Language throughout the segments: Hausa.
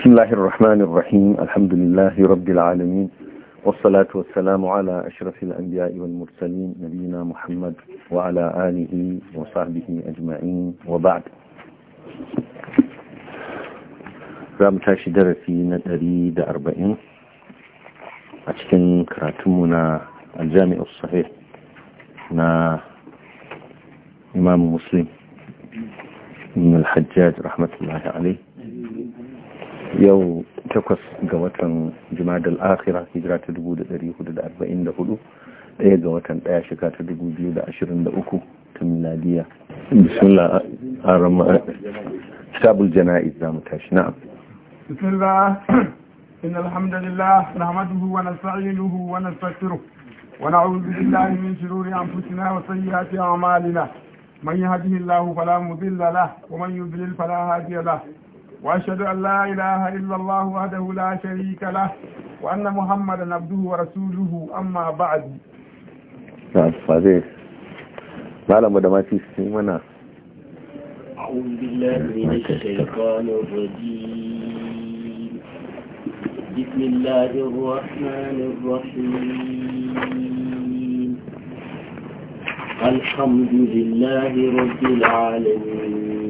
بسم الله الرحمن الرحيم الحمد لله رب العالمين والصلاة والسلام على أشرف الأنبياء والمرسلين نبينا محمد وعلى آله وصحبه أجمعين وبعد رام تاشي درسي ندري دا أربعين أتكن كراتمنا الجامع الصحيح نا إمام مسلم من الحجاج رحمة الله عليه yau takwas ga watan jimadal akira hijira ta 1444 daya ga watan daya shika ta 2023 ta miladiya bismillah a rama kitabul jana'iz za mu tashi na'am bismillah إن الحمد لله نحمده ونستعينه ونستغفره ونعوذ بالله من شرور أنفسنا وسيئات أعمالنا من يهده الله فلا مضل له ومن يضلل فلا هادي له وأشهد أن لا إله إلا الله وحده لا شريك له وأن محمدا عبده ورسوله أما بعد فاضي نعم، ما لما في سيمنا أعوذ بالله من نعم، الشيطان الرجيم بسم الله الرحمن الرحيم الحمد لله رب العالمين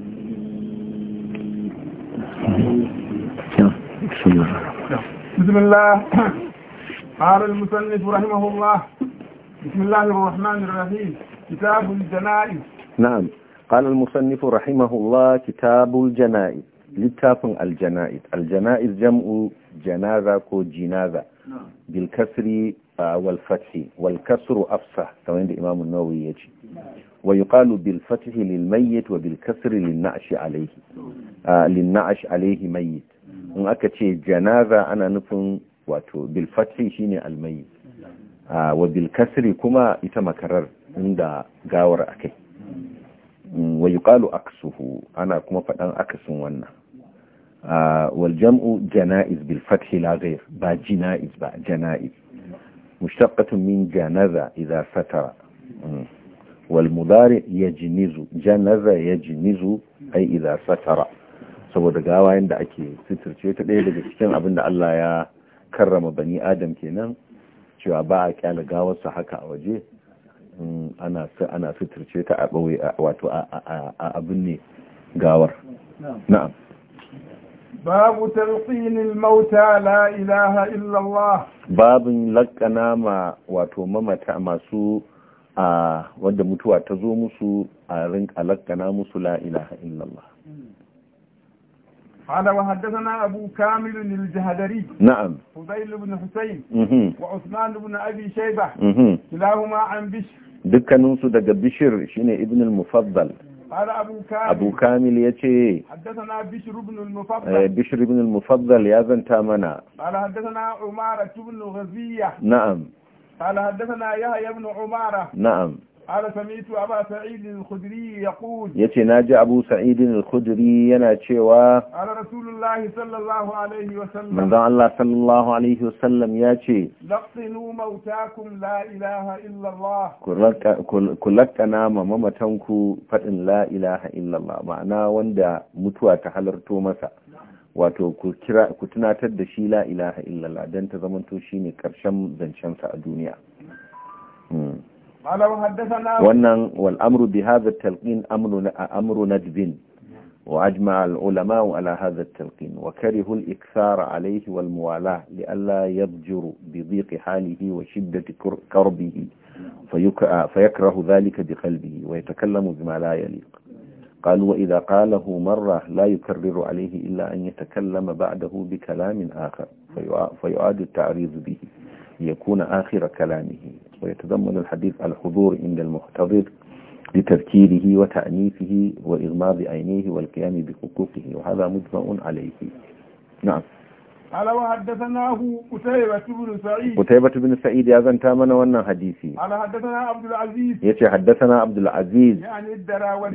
بسم الله قال المصنف رحمه الله بسم الله الرحمن الرحيم كتاب الجنائز نعم قال المصنف رحمه الله كتاب الجنائز لتاف الجنائز الجنائز جمع جنازة كو جنازة نعم. بالكسر آه، والفتح والكسر أفصح تمام إمام النووي يجي wa yuqalu bil fathi lil mayyit wa bil kasri lin mayyit in aka ce janaza ana nufin wato bil fathi shine al wa bil kasri kuma ita makarar inda gawar akai wa yuqalu aksuhu ana kuma fadan aksun wannan wal jam'u janaiz bil fathi la ghayr ba jinaiz ba janaiz mushtaqqatun min janaza idha satara والمضارع يجنز جنز يجنز أي إذا satara saboda gawa yadda ake suturce ta ɗaya daga cikin abin da Allah ya karrama bani adam kenan cewa ba a kyala gawarsa haka a waje ana ana suturce ta a ɓoye wato a abin ne gawar na'am babu talqinil mauta la ilaha illallah babin lakkana ma wato mamata masu a wanda mutuwa ta zo musu a rin alakana musu la ilaha illallah قال وحدثنا أبو كامل الجهدري نعم فضيل بن حسين وعثمان بن أبي شيبة كلاهما عن بشر دكا ننسو دقا بشر شين ابن المفضل قال أبو كامل أبو كامل يتي حدثنا بشر بن المفضل بشر بن المفضل يا ذن تامنا قال حدثنا عمارة بن غزية نعم قال حدثنا يحيى بن عمارة نعم قال سمعت أبا سعيد الخدري يقول يتي ناجى أبو سعيد الخدري ينا تشيوا قال رسول الله صلى الله عليه وسلم من ذا الله صلى الله عليه وسلم ياتي لقنوا موتاكم لا إله إلا الله كلك نام ممتنكو فإن لا إله إلا الله معناه وندا متوى تحلرتو مسا wato ku tunatar da shi la ilaha illallah don ta to shi ne ƙarshen zancensa a duniya wannan wal'amru bi hazar talqin amru nadbin wa ajma al'ulama wa ala hazar talqin wa karihul iksara alaihi wal muwala li Allah ya jiru bi ziki halihi wa shiddati karbihi fayakrahu yakrahu zalika bi qalbihi wa yatakallamu bima la yaliq قالوا وإذا قاله مرة لا يكرر عليه إلا أن يتكلم بعده بكلام آخر فيعاد التعريض به ليكون آخر كلامه ويتضمن الحديث الحضور عند المحتضر لتذكيره وتأنيفه وإغماض عينيه والقيام بحقوقه وهذا مجمع عليه نعم ala wa sa'id sa'id ya zanta mana wannan hadisi ala haddathana abdul aziz yace haddathana abdul aziz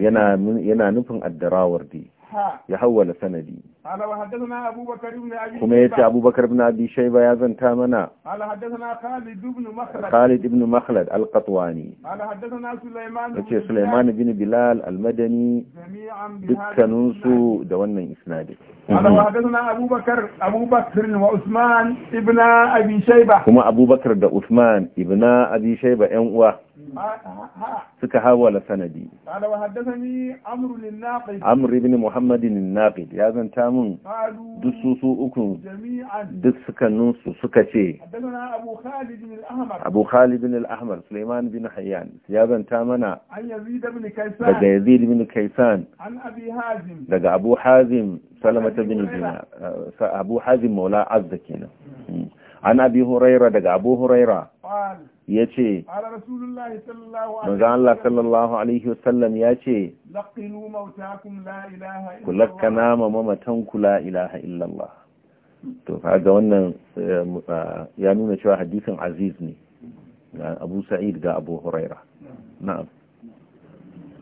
yana yana nufin ad ya hawwala sanadi kuma yace abubakar ibn abi shayba ya zanta mana khalid ibn makhlad al-qatwani yace sulaiman ibn bilal al-madani dukkanin su da wannan isnadi kuma abubakar da usman ibn abi shayba yan uwa suka hawala sanadi amr ibn muhammad an-naqid ya zanta mun duk su su uku duk suka su suka ce abu khalid bin al-ahmar sulaiman bin hayyan ya zanta mana daga yazid ibn kaisan daga abu hazim salamata bin dinar abu hazim maula azza kenan an abi huraira daga abu huraira ya ce manzan Allah sallallahu alaihi wasallam ya ce ku nama ma mamatanku la ilaha illallah to kaga wannan ya nuna cewa hadisin aziz ne abu sa'id ga abu huraira na'am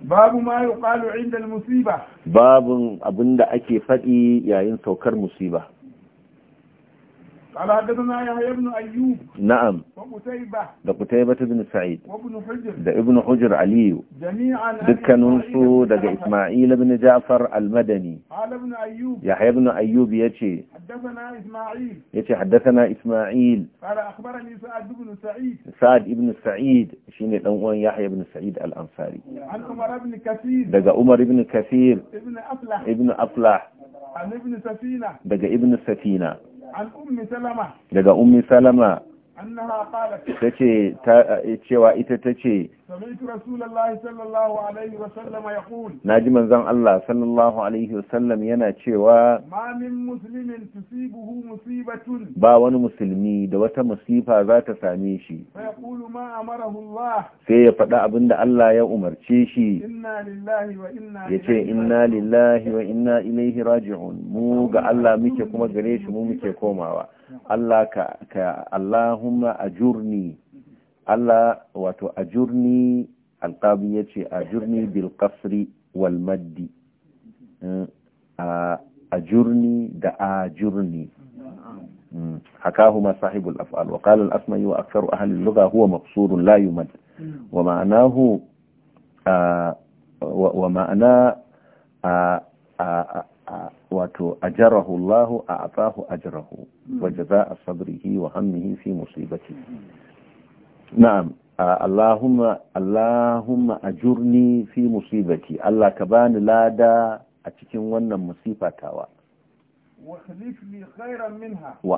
babu ma yuqalu inda musiba babun abinda ake faɗi yayin saukar musiba قال حدثنا يحيى بن أيوب نعم وقتيبة ده قتيبة بن سعيد وابن حجر ده ابن حجر علي جميعا دكا ننسو ده إسماعيل بن جعفر المدني قال ابن أيوب يحيى بن أيوب يتي حدثنا إسماعيل يتي حدثنا إسماعيل قال أخبرني سعد بن سعيد سعد بن سعيد شين الأنوان يحيى بن سعيد الأنصاري عن عمر بن كثير ده عمر بن كثير ابن أفلح ابن أفلح عن ابن سفينة ده ابن سفينة daga ummi salama ta ce cewa ita ta ce na ji manzan Allah sallallahu alaihi wasallam yana cewa ba wani musulmi da wata musifa za ta same shi sai ya faɗa abin da Allah ya umarce shi ya ce inna lillahi wa inna ilaihi raji'un mu ga Allah muke kuma gare shi mu muke komawa Allah ka, ka Allahumma ajurni Allah wato ajurni alqabi yace ajurni bil qasri wal maddi ajurni da ajurni حكاهما صاحب الأفعال وقال الأسمي وأكثر أهل اللغة هو مقصور لا يمد ومعناه ومعنى wato ajarahu Allah a atahu ajarahu hmm. wa jaza'a sabrihi wa hammihi fi musibati na'am Allahumma Allahumma ajurni fi musibati Allah ka bani lada a cikin wannan musifa tawa wa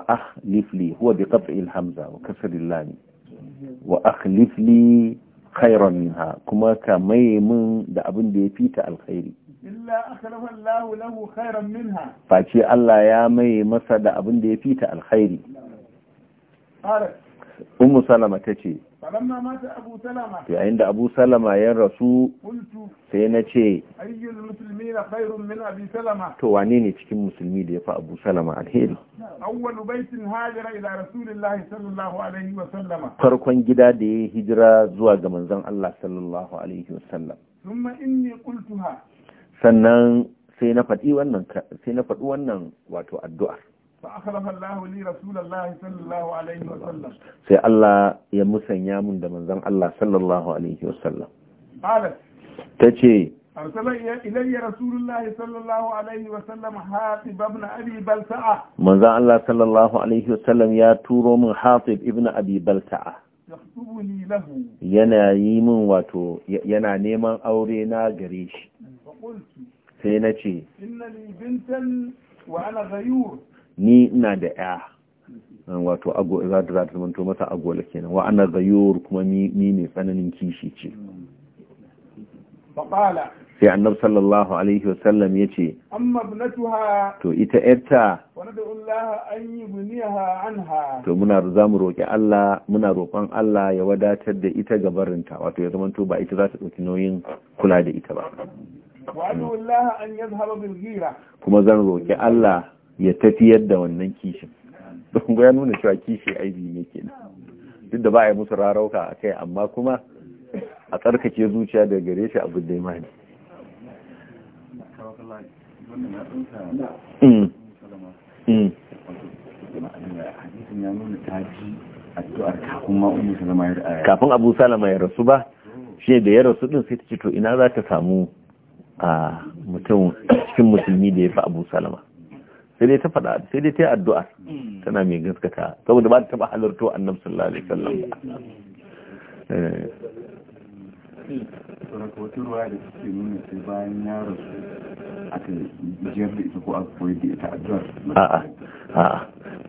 akhlif li huwa bi qat'i al hamza wa kasr al hmm. wa akhlif li khairan minha kuma ka mai min da abin da ya fita alkhairi illa akrama Allah lahu khairan minha face Allah ya maye masa da abin da ya fita alkhairi Ummu Salama ta ce Falamma mata Abu Salama yayin da Abu Salama ya rasu sai na ce ayyul muslimina khairun min Abi Salama to wane ne cikin musulmi da yafi Abu Salama alheri awwalu baitin hajira ila rasulillahi sallallahu alaihi wa farkon gida da ya hijira zuwa ga manzon Allah sallallahu alaihi wa sallam sannan sai na faɗi wannan wato addu'a sai Allah ya musanya mun da manzon Allah sallallahu ta ce manzon Allah ya turo min hatib ibn abi balta'a yana yana neman aure na gare shi sai na ce ni ina da ya wato za ta zamanto masa agola kenan wa ana zayur kuma ni ne tsananin kishi ce sai annab sallallahu alaihi wasallam ya ce to ita yarta wani da an yi to muna za mu roƙi Allah muna roƙon Allah ya wadatar da ita gabarinta wato ya zamanto ba ita za ta ɗauki nauyin kula da ita ba Hmm. kuma zan roƙi Allah ya tafiyar da wannan kishin don ya nuna cewa kishi aibi ne kenan duk da ba a yi musu rarauka a kai amma kuma a tsarkake zuciya daga gare shi abu da ne hmm. Hmm. kafin abu salama ya rasu ba shi da ya rasu din sai ta ce to ina za ta samu a mutum cikin musulmi da ya fi abu salama sai dai ta faɗa sai dai ta yi addu'a tana mai gaskata saboda ba ta taɓa halarto annabi sallallahu alaihi wasallam a'a a'a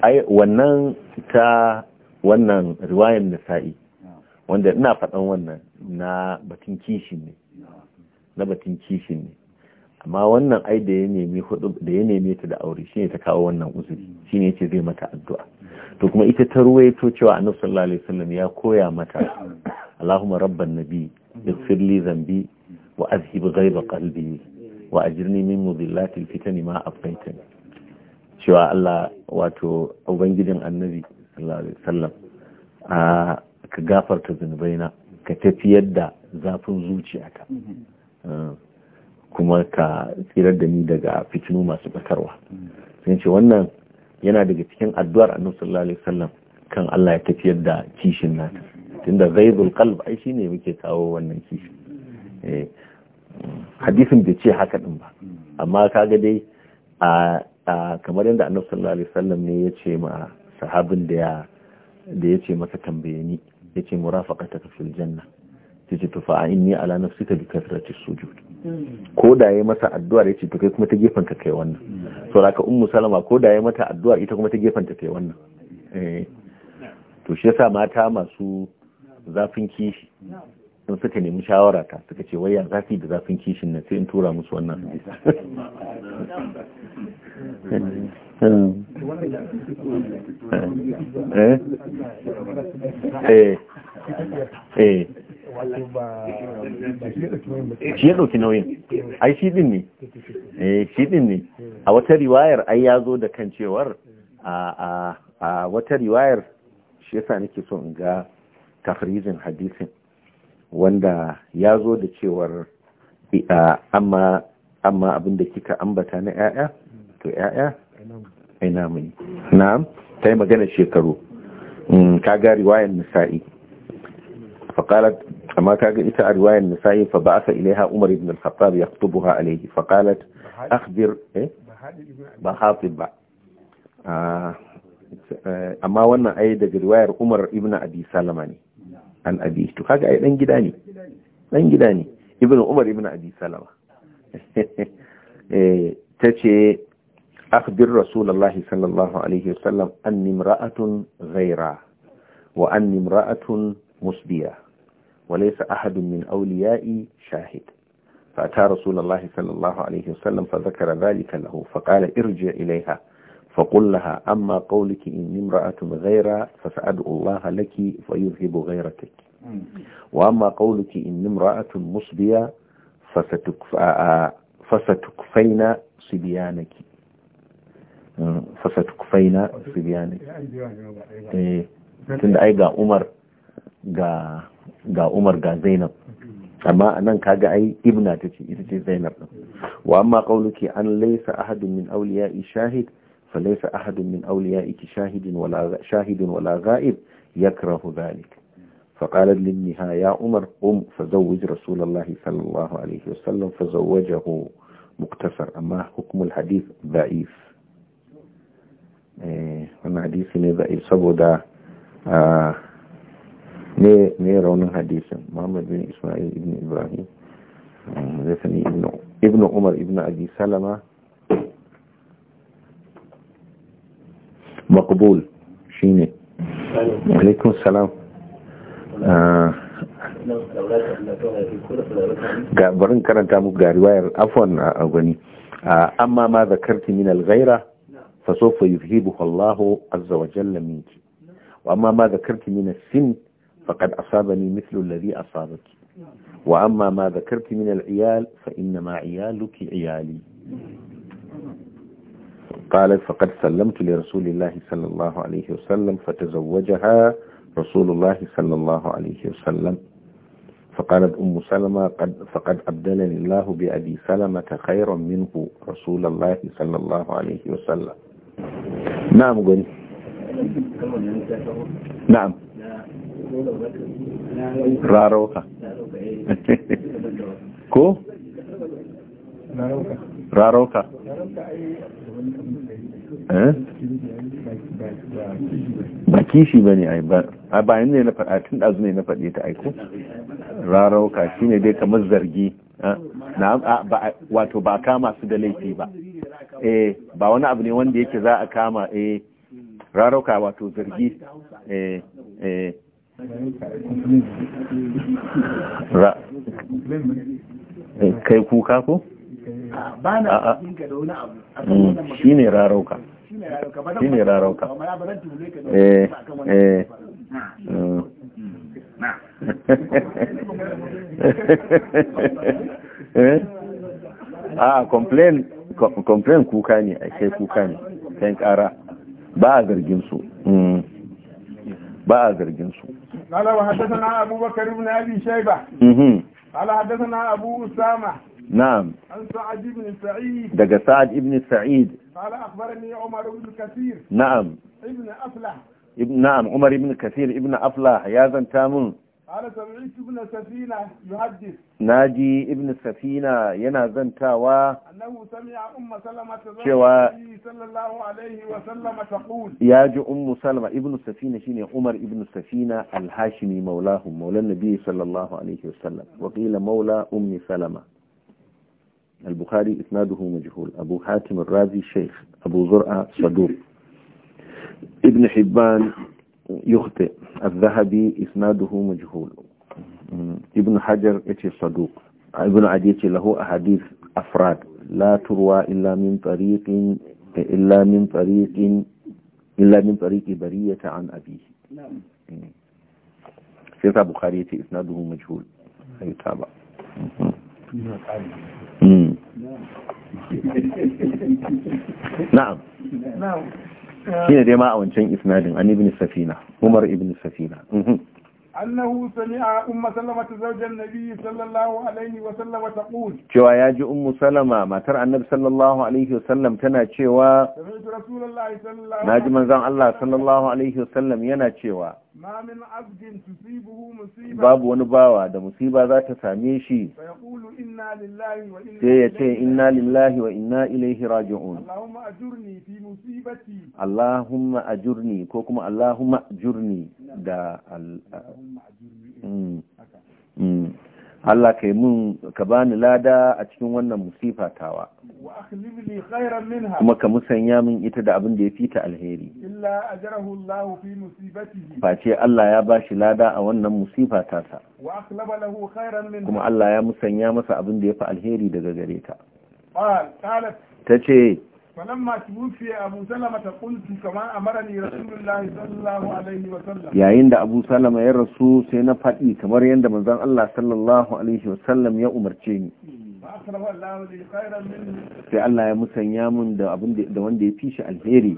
ai wannan ta wannan riwayar nasa'i ah. wanda ina faɗan wannan na batun kishi ne ah. na batun kishin ne amma wannan ai da ya nemi hudu da ya neme ta da aure shine ta kawo wannan uzuri shine yace zai mata addu'a to kuma ita ta ruwaito cewa annabi sallallahu alaihi wasallam ya koya mata Allahumma rabban nabi ighfir li dhanbi wa azhib ghaiba qalbi wa ajirni min mudhillatil fitani ma afaitani cewa Allah wato ubangijin annabi sallallahu alaihi wasallam ah, ka gafarta zunubaina ka tafiyar da zafin zuciyata kuma ka tsirar da ni daga fitinu masu batarwa sun ce wannan yana daga cikin addu'ar annabi sallallahu alaihi wasallam kan Allah ya tafiyar da kishin nata tunda ghaibul qalb ai shine muke kawo wannan kishi eh hadisin bai ce haka din ba amma kaga dai a kamar yadda annabi sallallahu alaihi wasallam ne ya ce ma sahabin da ya da ce masa tambaye ni ya ce murafaqataka fil janna sai ce tufa inni ala nafsika bi kasrati sujud hmm. ko da yayi masa addu'a yace to kai kuma ta gefen ka kai wannan hmm. so raka ummu salama ko da yayi mata addu'a ita kuma ta gefen ta kai wannan eh to shi yasa mata masu zafin kishi hmm. sun suka nemi shawara ta suka ce wai ya zafi da zafin kishin nan sai in tura musu wannan hadisi eh eh, eh. shi ya ɗauki nauyin ai shiɗin ne eh ne a wata riwayar ai ya zo da kan cewar a wata riwayar shi yasa nake so in ga tafrizin hadisin wanda ya zo da cewar amma amma abin da kika ambata na 'ya'ya to 'ya'ya ina muni na'am ta yi magana shekaru mm, ka ga riwayar nisa'i faqalat amma kaga ita a riwayar nisa'i fa ba'atha ilaiha umar ibn al-khattab yaktubuha alayhi fa qalat akhbir eh? ba hatib ah, ba eh, amma wannan ai daga riwayar umar ibn abi salama ne an abi to kaga ai dan gida ne dan gida ne ibn umar ibn abi salama eh tace akhbir wa anni musbiya وليس أحد من أوليائي شاهد فأتى رسول الله صلى الله عليه وسلم فذكر ذلك له فقال ارجع إليها فقل لها أما قولك إن امرأة غيرة فسأدعو الله لك فيذهب غيرتك وأما قولك إن امرأة مصبية فستكفين صبيانك فستكفين صبيانك تند أي قا عمر ga umar ga zainab amma a nan kaga ai ibna ta ce ita ce zainab ɗin wa amma ƙauluki an laisa ahadun min auliya i shahid fa laisa ahadun min auliya iki shahidin wala ga'ib ya karahu zalik fa ƙalar linniha ya umar um fa zawwaj rasulallahi sallallahu alaihi wasallam fa zawwajahu muktasar amma hukumul hadis da'if eh, wannan ne da'if saboda Uh, ne raunin hadisin muhammad bin isma'il ibn ibrahim zai sani ibn umar ibn abi salama shi ne alaikum salam ah. ga barin karanta muku ga riwayar afon a gani ah, amma ma zakarti min al fa sofa yuzhibuhu Allahu azza wa jalla minki wa amma ma zakarti min as فقد أصابني مثل الذي أصابك وأما ما ذكرت من العيال فإنما عيالك عيالي قالت فقد سلمت لرسول الله صلى الله عليه وسلم فتزوجها رسول الله صلى الله عليه وسلم فقالت أم سلمة قد فقد أبدلني الله بأبي سلمة خيرا منه رسول الله صلى الله عليه وسلم نعم قل نعم rarauka ko? rarauka eh? ba kishi ba ne a bayan ne na faɗa tun ɗazu ne na faɗe ta aiko rarauka shi ne dai kamar zargi eh? wato ba kama su da laifi ba eh ba wani abu ne wanda yake za a kama eh rarauka wato zargi eh eh kai kuka ko? ba na da wani abu mm, shi ne rarauka shi ne rarauka eh eh a eh? complain complain kuka ne a kai kuka ne kan kara ba a zargin su mm. ba a zargin su قال وحدثنا أبو بكر بن أبي شيبة قال حدثنا أبو أسامة نعم عن سعد بن سعيد دقا سعد بن سعيد قال أخبرني عمر بن كثير نعم ابن أفلح ابن نعم عمر بن كثير ابن أفلح يا زن تامون أنا سمعت ابن سفينة يحدث ناجي ابن سفينة ينازن زنتاوا أنه سمع أم سلمة شوى صلى الله عليه وسلم تقول ياجي أم سلمة ابن سفينة شيني عمر ابن سفينة الهاشمي مولاه مولى النبي صلى الله عليه وسلم وقيل مولى أم سلمة البخاري إسناده مجهول أبو حاتم الرازي شيخ أبو زرعة صدوق ابن حبان يخطئ الذهبي إسناده مجهول ابن حجر يتي صدوق ابن عدي يتي له أحاديث أفراد لا تروى إلا من طريق إلا من طريق إلا من طريق برية عن أبيه نعم سيطة بخاري إسناده مجهول تابع نعم نعم, نعم. shine dai ma a wancan isnadin an ibn safina umar ibn safina mhm. nabi cewa ya ji um sallama matar annabi sallallahu alaihi wa sallam tana cewa sami'tu rasulullahi sallallahu Allah sallallahu alaihi wa sallam yana cewa babu wani bawa da musiba za ta same shi sai ya ce inna lillahi wa inna ilaihi raji'un Allahumma ajurni ko kuma Allahumma ajurni da mm, mm. Allah yi mun ka bani lada a cikin wannan musifa tawa kuma ka musanya min ita da abin da ya fita alheri face Allah ya bashi lada a wannan musifa ta ta kuma Allah ya musanya masa abin da ya fi alheri daga gare ta ta ce فلما توفي أبو سلمة قلت كما أمرني رسول الله صلى الله عليه وسلم يا عند أبو سلمة يا رسول سينا كما يند من الله صلى الله عليه وسلم يا sai Allah ya musanya mun da abin da wanda ya fi shi alheri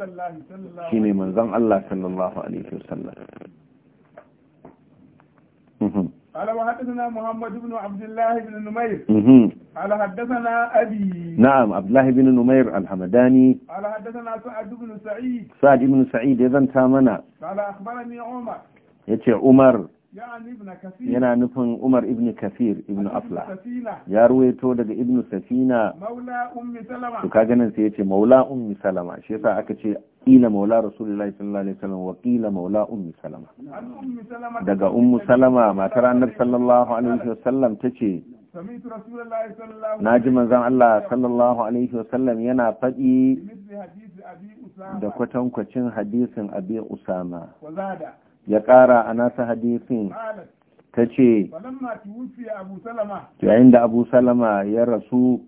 shine manzon Allah sallallahu alaihi wasallam قال وحدثنا محمد بن عبد الله بن نمير قال حدثنا أبي نعم عبد الله بن نمير الحمداني قال حدثنا سعد بن سعيد سعد بن سعيد تامنا قال عمر yana nufin Umar ibn Kafir ibn Afla ya ruwaito daga ibn Safina to ka ganin sai yace maula ummi salama shi yasa aka ce qila maula rasulullahi sallallahu alaihi wasallam wa qila maula ummi salama daga ummu salama matar annabi sallallahu alaihi wasallam tace naji manzon Allah sallallahu alaihi wasallam yana faɗi da kwatankwacin hadisin abi usama ya ƙara a nasa hadisin ta ce yayin da abu salama ya rasu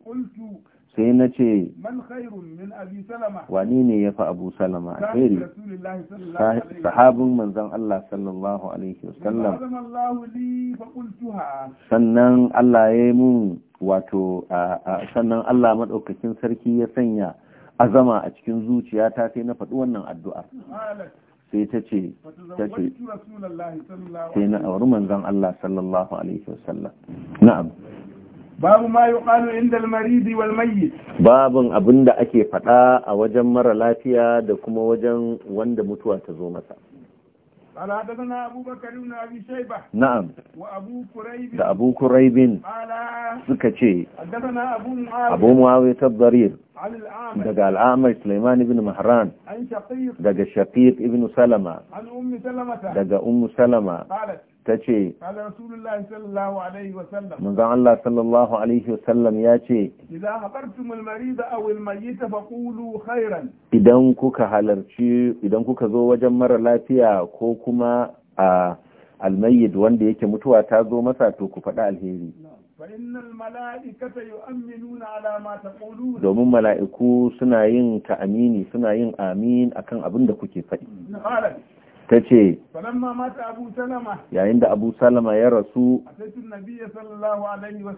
sai na ce wani ne ya fi abu salama a tsere sahabin manzan Allah sallallahu alaihi wasallam sannan Allah ya yi mun wato sannan Allah maɗaukakin sarki ya sanya azama a cikin zuciya ta sai na faɗi wannan addu'ar sai ta ce ta ce sai na auri manzon Allah sallallahu alaihi wasallam na'am babu ma yuqalu inda al-marid wal abinda ake fada a wajen mara lafiya da kuma wajen wanda mutuwa ta zo masa قال حدثنا أبو بكر بن أبي شيبة نعم وأبو كريب ده أبو كريب قال سكتشي حدثنا أبو معاوية أبو معاوية الضرير عن الأعمش ده الأعمش سليمان بن مهران عن شقيق ده الشقيق ابن سلمة عن أم سلمة ده أم سلمة قالت ta ce manzan Allah sallallahu alaihi wasallam ya ce idan kuka halarci idan kuka zo wajen mara lafiya ko kuma a almayyid wanda yake mutuwa ta zo masa to ku faɗi alheri domin mala'iku suna yin amini suna yin amin akan abin da kuke faɗi ta ce yayin da abu salama ya rasu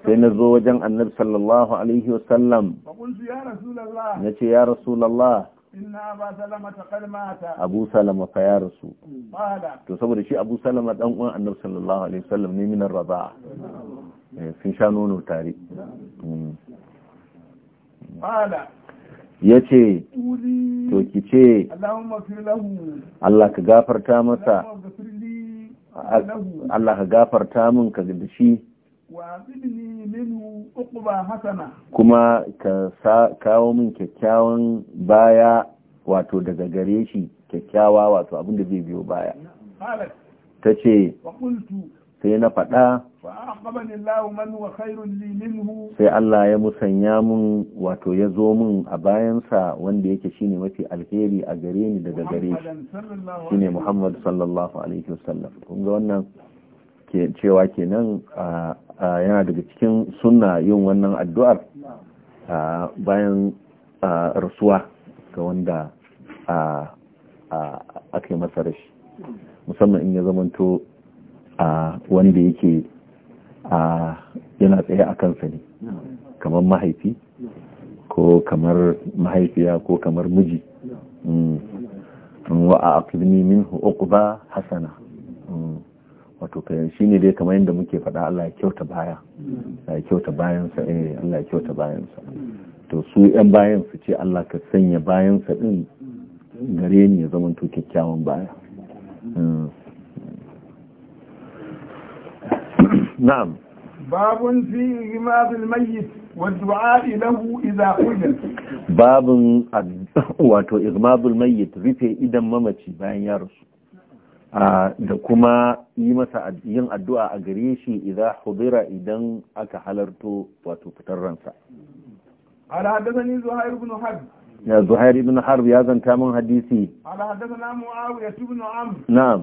sai na zo wajen annabi sallallahu alaihi wasallam na ce ya rasulallah abu salama fa ya rasu to saboda shi abu salama dan uwan annabi sallallahu alaihi wasallam ne minar raza'a eh, sun sha nono tare hmm. yace ce to ce Allah ka gafarta masa Allah ka gafarta min ka da shi kuma ka kawo min kyakkyawan baya wato daga gare shi kyakkyawa wato abinda zai biyo baya ta ce sai na faɗa sai Allah ya musanya mun wato ya zo mun a bayansa wanda yake shine mafi alheri a gare ni daga gare shi shine Muhammad sallallahu alaihi wasallam kun ga wannan ke cewa kenan yana daga cikin sunna yin wannan addu'ar bayan rasuwa ga wanda aka yi masa rashi musamman in ya zamanto wanda yake a yana tsaye a kansa ne kamar mahaifi ko kamar mahaifiya ko kamar miji mm. wa a min minhu ba hasana mm. wato kayan shi ne dai kamar yadda muke faɗa Allah ya kyauta baya ya kyauta bayansa eh Allah ya kyauta bayansa to su yan bayan ce Allah ka sanya bayansa din gare ni ya zama to kyakkyawan baya mm. na'am باب في غماض الميت والدعاء له إذا باب wato igmabul الميت rufe idan mamaci bayan ya rasu da kuma yi masa yin addu'a a gare shi idan hudura idan aka halarto wato fitar ransa ala haddathani zuhair ibn harb ya ibn harb ya zanta min hadisi ala haddathana muawiya ibn amr na'am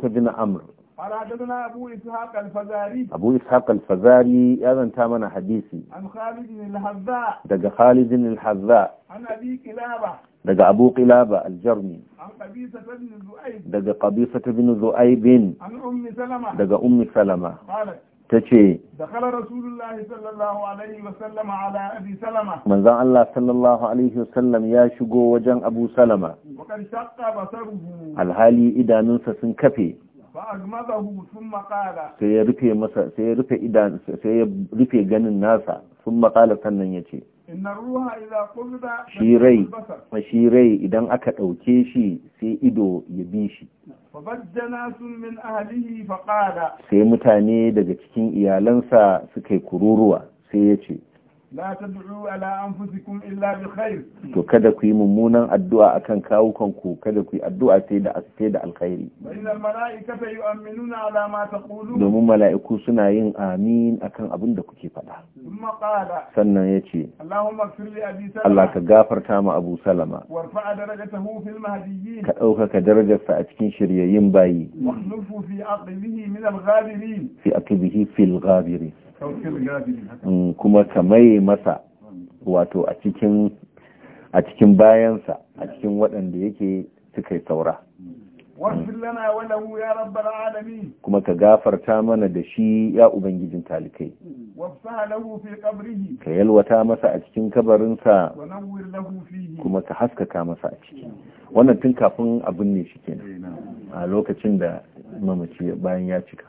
ibn amr قال حدثنا أبو إسحاق الفزاري أبو إسحاق الفزاري أذن تامنا حديثي عن خالد بن الحذاء دق خالد بن الحذاء عن أبي كلابة دق أبو قلابة الجرمي عن قبيصة بن ذؤيب دق قبيصة بن ذؤيب عن أم سلمة دق أم سلمة قالت ta ce manzan Allah sallallahu Alaihi wasallam ya shigo wajen abu salama alhali idanunsa sun kafe sai ya rufe masa ganin nasa sun makala sannan ya ce shi shi rai idan aka ɗauke shi sai ido ya bi shi sai mutane daga cikin iyalansa suka yi kururuwa sai ya ce la tad'u ala anfusikum illa bi khair to kada ku yi mummunan addu'a akan kawukan ku kada ku yi addu'a sai da sai da alkhairi innal malaikata yu'minuna ala ma taqulun domin mala'iku suna yin amin akan abin da kuke faɗa kuma qala sannan yace Allahumma ighfir li abi salama Allah ka gafarta ma Abu Salama warfa darajatahu fil mahdiyyin ka dauka darajarsa a cikin shiryayyin bayi wa nufu fi aqlihi min al-ghabirin fi aqlihi fil ghabirin Mm, kuma ka maye masa wato a cikin bayansa a cikin waɗanda yake suka yi saura kuma ka gafarta mana da shi ya ubangijin talikai ka yalwata masa a cikin kabarinsa kuma ka haskaka masa a ciki wannan tun kafin abin ne shi kenan eh, a lokacin da mamaci bayan ya cika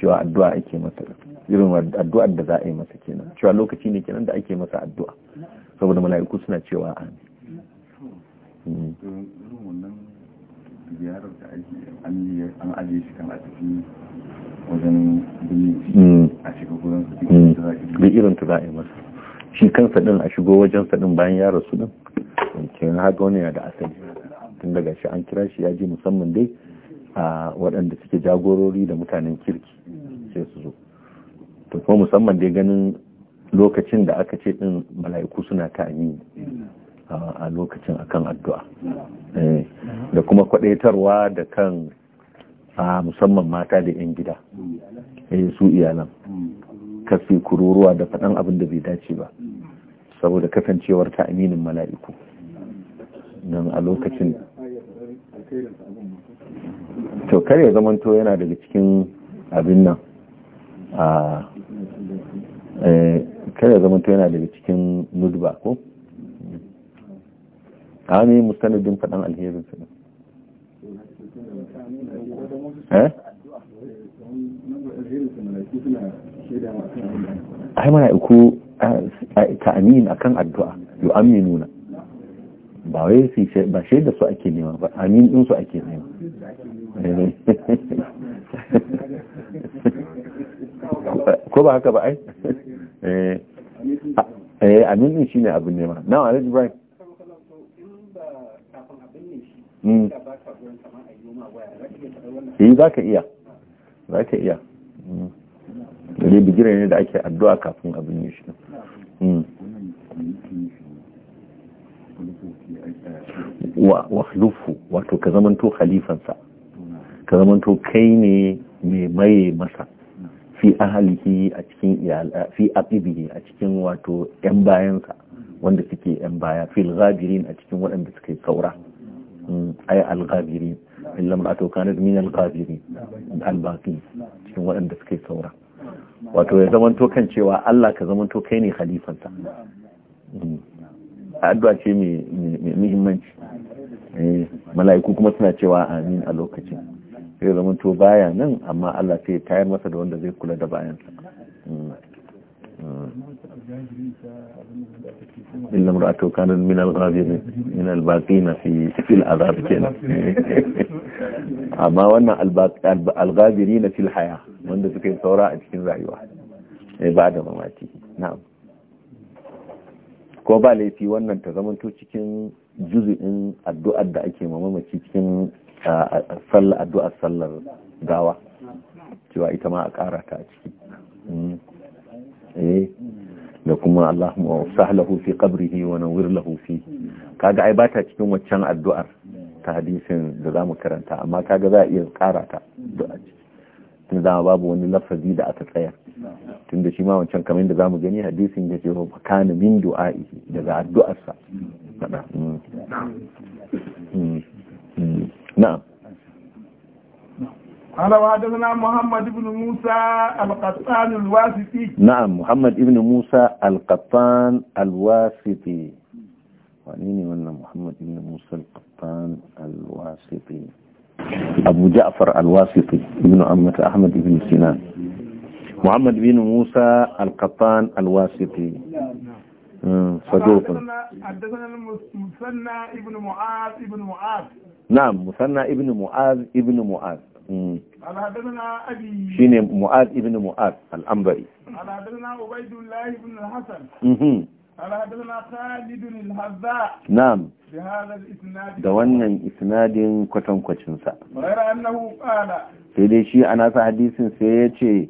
cewa addu'a ake masa irin addu'ar da za a yi masa kenan cewa lokaci ne kenan da ake masa addu'a saboda mala'iku suna cewa amin da ajiye shi kan a tafi wajen shiga da irin ta za a yi masa shi kansa din a shigo wajen sa din bayan ya rasu din kenan haka wani yana da asali tun daga shi an kira shi ya ji musamman dai a waɗanda suke jagorori da mutanen kirki sai su zo to kuma musamman dai ganin lokacin da aka ce din mala'iku suna ta amini a lokacin akan addu'a eh, da kuma kwadaitarwa da kan musamman mata da 'yan gida eh, su iyalan kafi kururuwa da faɗan abin da bai dace ba saboda kasancewar ta aminin mala'iku nan a lokacin to kare zamanto yana daga cikin abin nan a eh, kada zama ta yana daga cikin nudba ko a wani mustanadin faɗan alherin su eh? ai mana iku eh, ta'amin akan addu'a yu nuna. ba wai su ba shaida su ake nema ba amin din su ake nema ko ba haka ba ai eh, eh amin din shine abin ne ma now alhaji ibrahim hmm. eh za ka iya za ka iya dare hmm. bigire ne da ake addu'a kafin abin yi shi hmm. wa wato ka zamanto khalifansa ka zamanto kai ne mai maye masa fi ahalihi a cikin fi aqibihi a cikin wato yan bayansa wanda suke yan baya fil ghabirin a cikin waɗanda suke saura hmm, ay al ghabirin illa ma ato kanat min al ghabirin al baqi cikin waɗanda suke saura wato ya zamanto kan cewa Allah ka zamanto kai ne khalifansa hmm, addu'a ce mai muhimmanci eh, mala'iku kuma suna cewa amin a lokacin sai zama to baya nan amma Allah sai tayar masa da wanda zai kula da bayansa illa mar'atu kanat min al-ghabirin min al baqina fi fi al-azab kenan amma wannan al-ghabirin fi al-haya wanda suke saura a cikin rayuwa sai ba da mamaki na'am ko ba laifi wannan ta to cikin juzu'in addu'ar da ake mamaci cikin addu'ar sallar gawa cewa ita ma a ƙara ta a ciki mm. eh, da kuma Allahumma sahlahu fi qabrihi wa nawwir lahu fi kaga ai bata cikin waccan addu'ar ta hadisin da zamu karanta amma kaga za a iya ƙara ta addu'a tun da babu wani lafazi da aka tsaya tun da shi ma wancan kamar da zamu gani hadisin da ce wa kana min du'a'i daga addu'arsa mm. Mm. نعم قال وحدثنا محمد بن موسى القطان الواسطي نعم محمد بن موسى القطان الواسطي وانيني وانا محمد بن موسى القطان الواسطي أبو جعفر الواسطي ابن عمة أحمد بن سنان محمد بن موسى القطان الواسطي صدوق حدثنا المثنى ابن معاذ ابن معاذ نعم مثنى ابن معاذ ابن معاذ قال حدثنا ابي شيني معاذ ابن معاذ الانبري قال حدثنا عبيد الله بن الحسن قال حدثنا خالد الهزاء نعم بهذا الاسناد ده wannan isnadin kwatan kwacin sa غير انه قال sai dai shi ana sa hadisin sai ya ce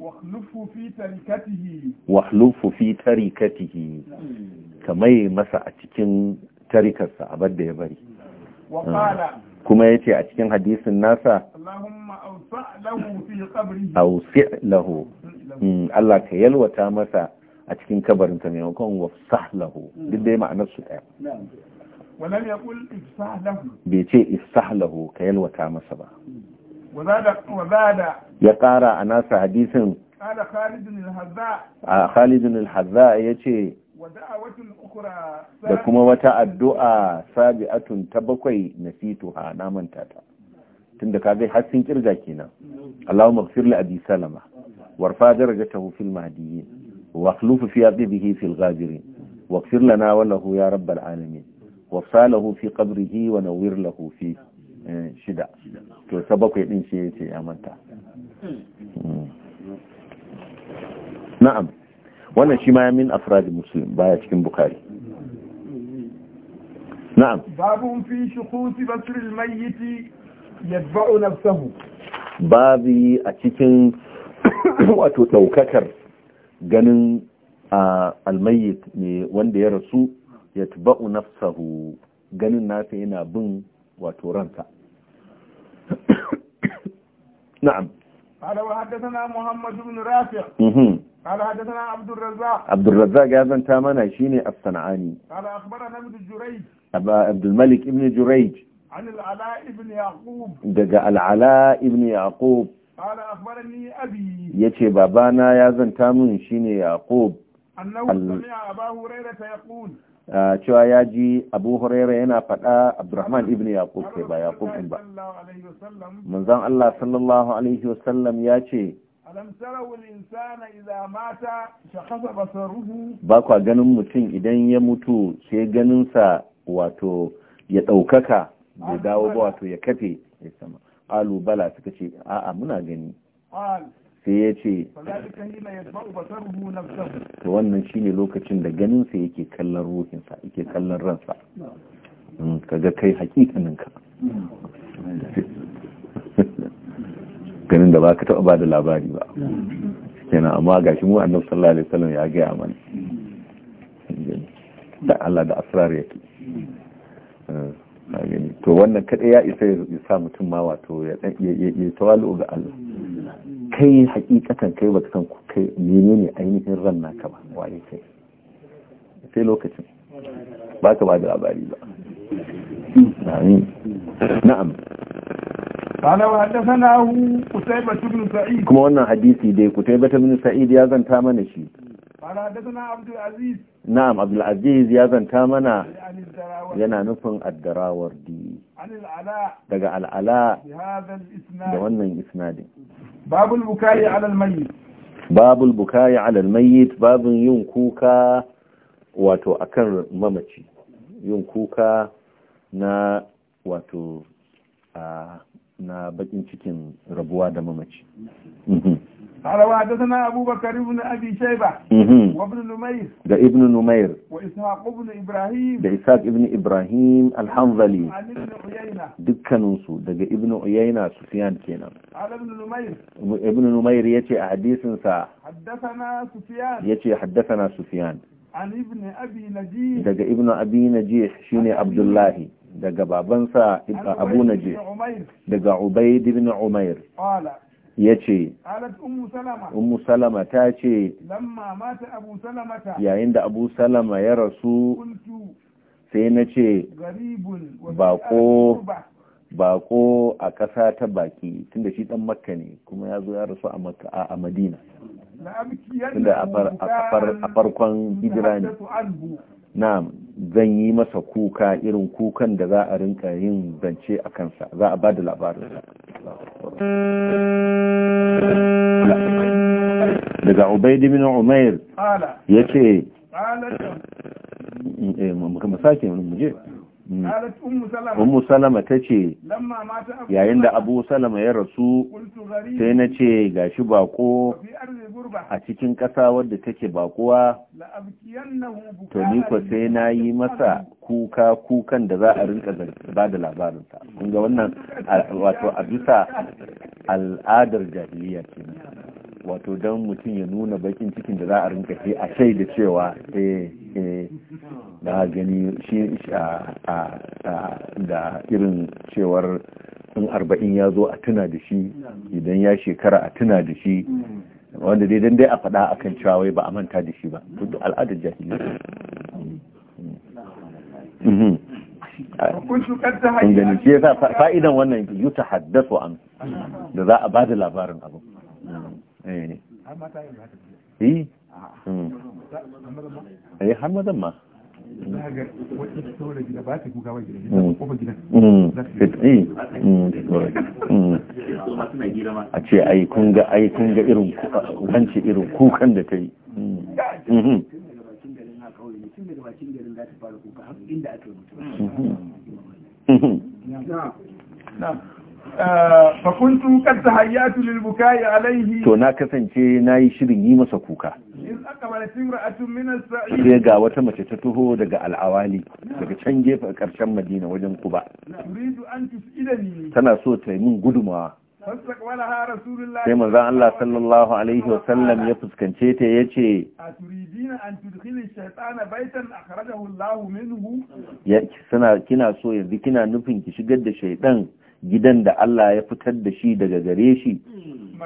wahlufu fi tarikatihi kamai masa a cikin tarikarsa abar da ya bari kuma ya ce a cikin hadisin nasa ausi lahu Allah ka yalwata masa a cikin kabarin ta maimakon wa sahlahu duk dai ma'anar su ɗaya bai ce istahlahu ka yalwata masa ba ya ƙara a nasa hadisin a khalidun al-hazza ya ce da kuma wata addu'a sabi'atun ta bakwai na fituha na manta ta tunda ka ga har sun kirga kenan Allahumma ighfir li abi salama warfa darajatahu fil mahdiyyin واخلوف في أبده في الغابر واغفر لنا وله يا رب العالمين وصاله في قبره ونور له فيه شدع to ta din shi yace ya manta na'am wannan shi ma min afrad muslim baya cikin bukhari na'am babun fi shukhus basr al-mayyit a cikin wato ganin almayyit ne wanda ya rasu ya tuba'u nafsahu ganin nasa yana bin wato ransa na'am قال وحدثنا محمد بن رافع قال حدثنا عبد الرزاق عبد الرزاق هذا انت منا شيني الصنعاني قال اخبرنا ابن جريج ابا عبد الملك ابن جريج عن العلاء بن يعقوب دقا العلاء بن يعقوب ya ce babana ya zanta min shine yaqub ah, cewa ya ji abu huraira yana faɗa abdurrahman ibn yaqub ke ba yaqub ɗin ba manzon allah sallallahu alaihi wasallam ya ce ba kwa ganin mutum idan ya mutu sai ganinsa wato ya ɗaukaka bai dawo ba wato ya kafe ya sama alu bala suka ce a'a muna gani sai ya ce to wannan shine lokacin da ganin sa yake kallon ruhinsa yake kallon ransa kaga kai hakikanin ka ganin da ba ka taɓa ba da labari ba kenan amma gashi shi mu annabi sallallahu alaihi wasallam ya gaya mana da Allah da asrar yake eh. to wannan kaɗai ya isa ya sa mutum ma wato ya tawalu ga Allah kai hakikatan kai baka san kai menene ainihin ran naka ba waye kai sai lokacin ba ka ba da labari ba amin na'am Kuma wannan hadisi dai Qutaybah ibn Sa'id ya zanta mana shi na'am Abdulaziz ya zanta mana yana nufin addarawar di daga al'ala da wannan isnadin babul bukai alal mayyit babul alal mayyit yin kuka wato akan mamaci yin kuka na wato na bakin cikin rabuwa da mamaci قال وحدثنا أبو بكر بن أبي شيبة وابن نمير ده ابن نمير وإسحاق بن إبراهيم ده إسحاق ابن إبراهيم الحنظلي عن ابن عيينة دكا نوسو ده ابن عيينة سفيان كينا قال ابن نمير ابن نمير يتي أحديث سا حدثنا سفيان يتي حدثنا سفيان عن ابن أبي نجيح ده ابن أبي نجيح شيني عبد الله ده بابنسا أبو نجيح ده عبيد بن عمير قال ya ce ummu salama ta ce yayin da abu salama ya rasu sai na ce bako bako a ƙasa ta baki tunda shi dan makka ne kuma ya zo ya rasu a makka a madina tunda a farkon hijira ne na'am zan yi masa kuka irin kukan da za a rinka yin zance a kansa za a ba da labarinsa daga ubaidu min umair ya ce eh, mu sake mu je Ummu Salama ta ce, yayin da Abu Salama ya rasu, sai na ce gashi bako a cikin ƙasa wadda take bakuwa, to ni ko sai na yi masa kuka kukan da za a rinka ba da labarinsa. Kun ga wannan wato a bisa al'adar jahiliya kenan. wato don mutum ya nuna bakin cikin da za a rinka ce a shaida cewa eh da eh, gani shi da irin cewar in arba'in ya zo a tuna da shi idan ya shekara a tuna da shi wanda dai dai a faɗa kan cewa ba a manta da shi ba duk al'adar jahiliya mhm. kun gani shi yasa fa'idan wannan yuta haddasu an da za a ba da labarin abu eh eh? Ah. Hmm. eh har mazan ma a ce ai kun ga ai kun ga irin wance irin kukan da ta yi hmm. Hmm. kuntu kad tahayyatu lil bukai alaihi to na kasance nayi shirin yi masa kuka sai ga wata mace ta taho daga al'awali daga can gefe karshen madina wajen kuba tana so ta yi min gudumawa sai manzan Allah sallallahu Alaihi wasallam ya fuskance ta ya ce kina so yanzu kina nufin ki shigar da shaidan gidan da Allah ya fitar da shi daga gare shi hmm.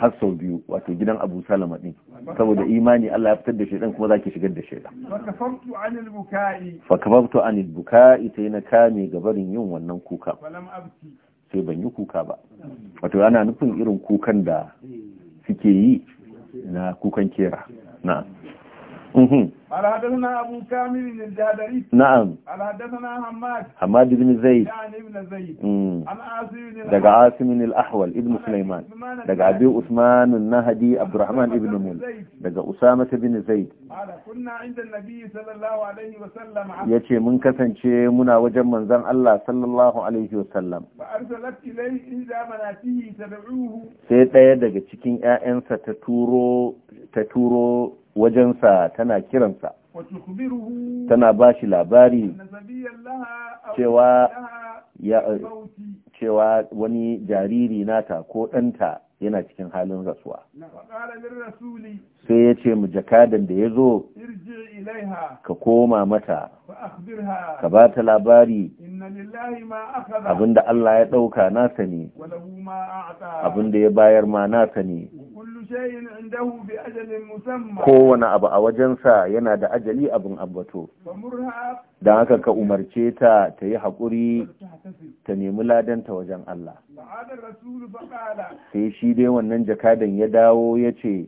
har sau biyu wato gidan Abu Salama din saboda imani Allah ya fitar da shi ɗan kuma zaki shigar da shi fa kafaftu anil buka'i sai na kame gabarin yin wannan kuka sai ban yi kuka ba wato ana nufin irin kukan da hmm. suke yi na kukan kera na قال حدثنا ابو كامل الجادري نعم قال حدثنا حماد حماد بن زيد عن ابن زيد عن عاصم بن الاحول ابن سليمان دقى ابي عثمان النهدي عبد الرحمن ابن مول دقى اسامه بن زيد قال كنا عند النبي صلى الله عليه وسلم يتي من كسن منا وجم من زن الله صلى الله عليه وسلم فارسلت إليه إلى مناته تدعوه سيد دقى تشكين آئنسة تتورو تتورو wajensa tana kiransa tana ba shi labari cewa cewa wani jariri nata ko ɗanta yana cikin halin rasuwa sai ya ce mu jakadan da ya zo ka koma mata ka ba ta labari abinda Allah ya ɗauka nasa ne abinda ya bayar ma nasa ne kowane abu a wajensa yana da ajali abin abbato don haka ka umarce ta ta yi haƙuri ta nemi ladanta wajen Allah sai shi dai wannan jakadan ya dawo ya ce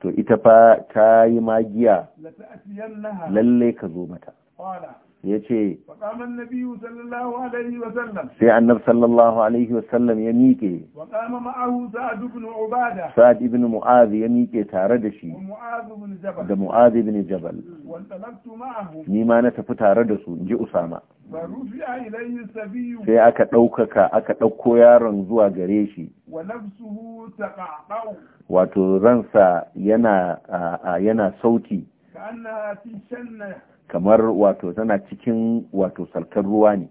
to ita fa ta yi magiya lallai ka zo mata ya ce sai annab sallallahu alaihi wasallam ya miƙe sa'ad ibn mu'az ya miƙe tare da shi da mu'az ibn jabal ni ma na tafi tare da su in ji usama sai aka ɗaukaka aka ɗauko yaron zuwa gare shi wato ransa yana sauti kamar wato tana cikin wato salkar ruwa ne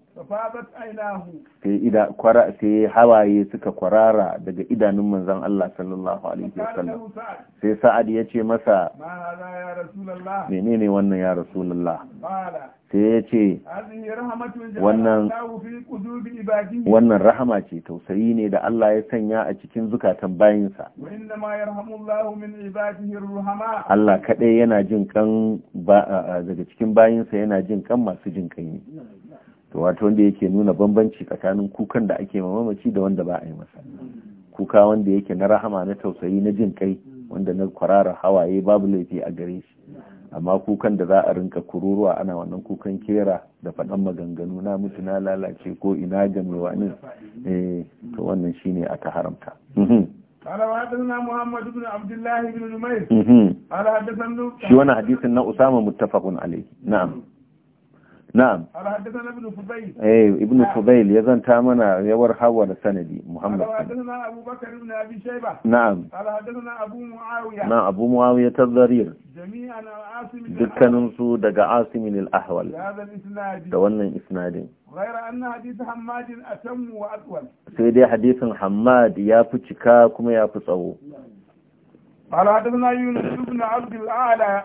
sai hawaye suka kwarara daga idanun manzon Allah sallallahu alaihi wasallam sai sa'ad ya ce masa menene wannan ya rasulullah sai ya ce wannan rahama ce tausayi ne da Allah ya sanya a cikin zukatan bayinsa Allah kaɗai yana jin kan daga cikin bayinsa yana jin kan masu jin kan yi to wato wanda yake nuna bambanci tsakanin kukan da ake mamaci da wanda ba a yi masa kuka wanda yake na rahama na tausayi na jin kai wanda na kwararar hawaye babu laifi a gare shi amma kukan da za a rinka kururuwa ana wannan kukan kera da faɗan maganganu na mutu na lalace ko ina ga mai wani eh, to wannan shine aka haramta mhm. mhm. shi wani محمد بن عبد الله بن نمير na'am ibn fudail ya zanta mana yawar Hawar sanadi muhammad na'am na abu muawiya ta zarir dukkaninsu daga asimin al'ahwal da wannan isnadin sai dai hadisin hamad ya fi cika kuma ya fi tsawo قال حدثنا يونس بن عبد الاعلى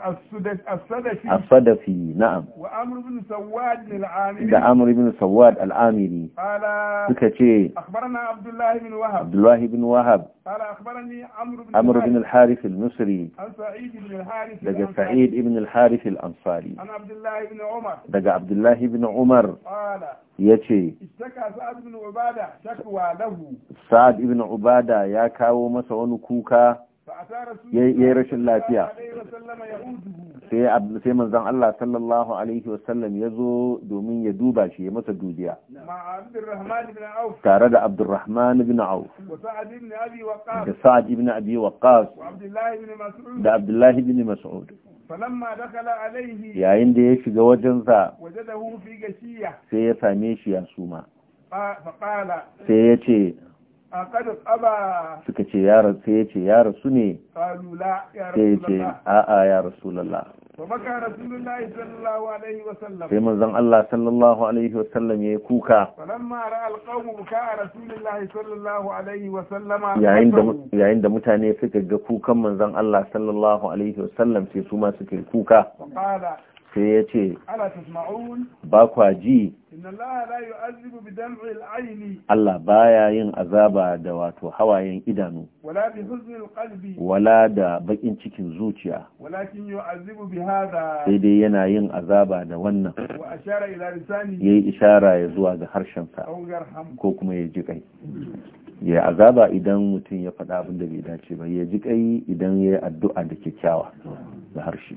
السدفي السدفي نعم وعمر بن سواد العامري ده عمرو بن سواد العامري قال سكتي اخبرنا عبد الله بن وهب عبد الله بن وهب قال اخبرني عمرو بن عمرو بن الحارث المصري عن سعيد بن الحارث ده سعيد بن الحارث الانصاري عن عبد الله بن عمر ده عبد الله بن عمر قال yace Sa'ad ibn Ubada ya kawo masa wani kuka yayi rashin lafiya sai sai manzon Allah sallallahu alaihi wasallam ya zo domin ya duba shi ya masa dubiya tare da Abdurrahman ibn Auf da sa'id ibn Abi Waqqas da Abdullah ibn Mas'ud yayin da ya shiga wajensa sai ya same shi ya suma sai ya ce suka ce yara sai ya ce yara su ne sai ya ce a'a ya rasulallah sai manzan Allah sallallahu alaihi wasallam ya yi kuka yayin da mutane suka ga kukan manzan Allah sallallahu alaihi wasallam sai su ma suka yi kuka sai ya ce ba kwa ji Allah baya yin azaba da wato hawayen idanu wala da bakin cikin zuciya sai dai yana yin azaba da wannan ya yi ishara ya zuwa ga harshensa ko kuma ya ji kai ya azaba idan mutum ya faɗa abin da bai dace ba ya ji kai idan ya yi addu'a da kyakkyawa da harshe